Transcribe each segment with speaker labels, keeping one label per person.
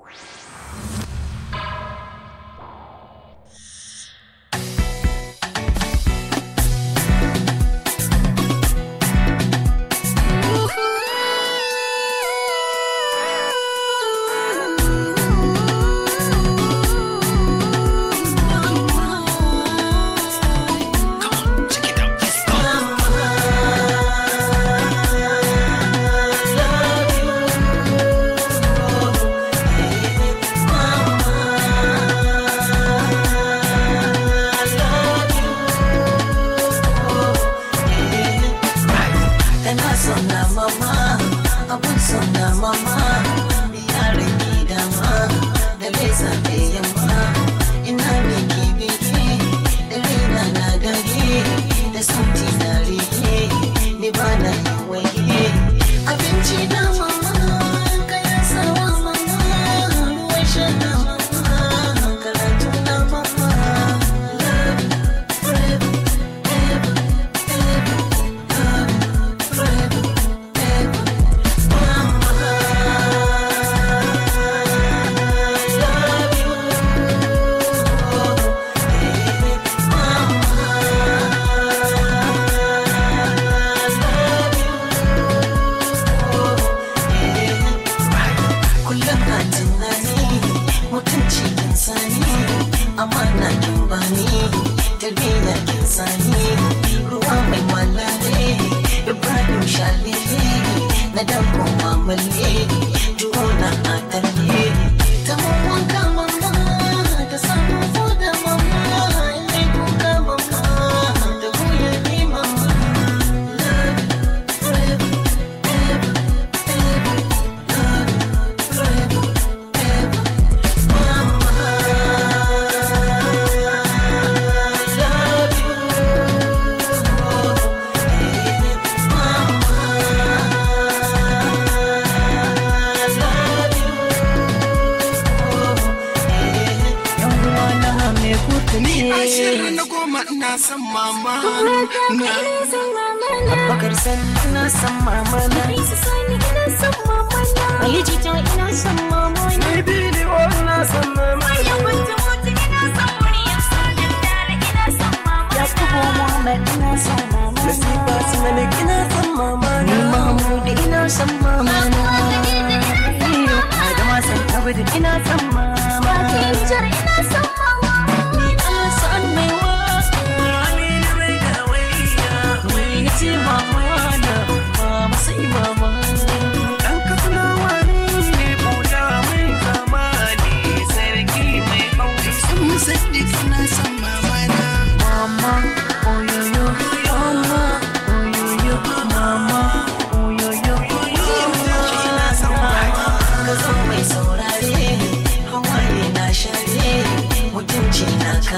Speaker 1: you kullum a tunani mutunci kin sani amana kin bani tarbiyya kin sani ruwa mai malale ibrahim shalele na dabbo ashirin na goma na san mama na abakar san na san mama na ina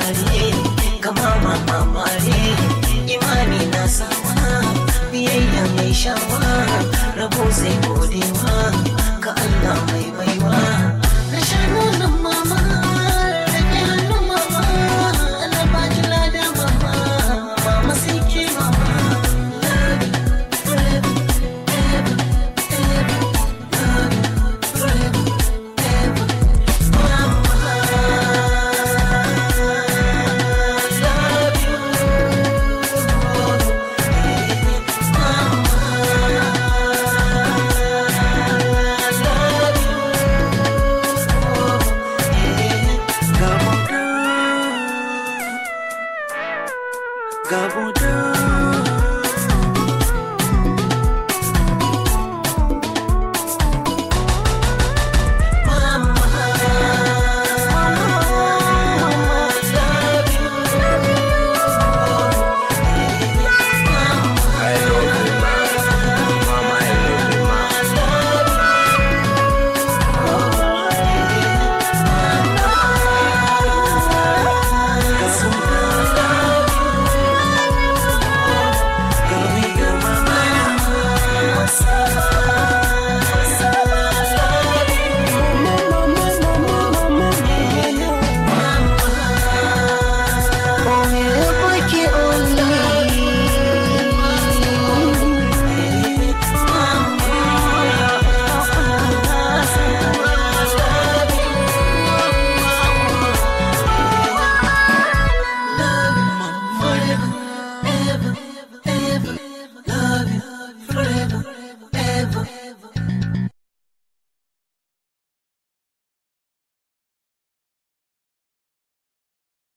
Speaker 1: mamare kama mamare imani na sawa biyayya mai shawa rabo zai godewa ka Allah mai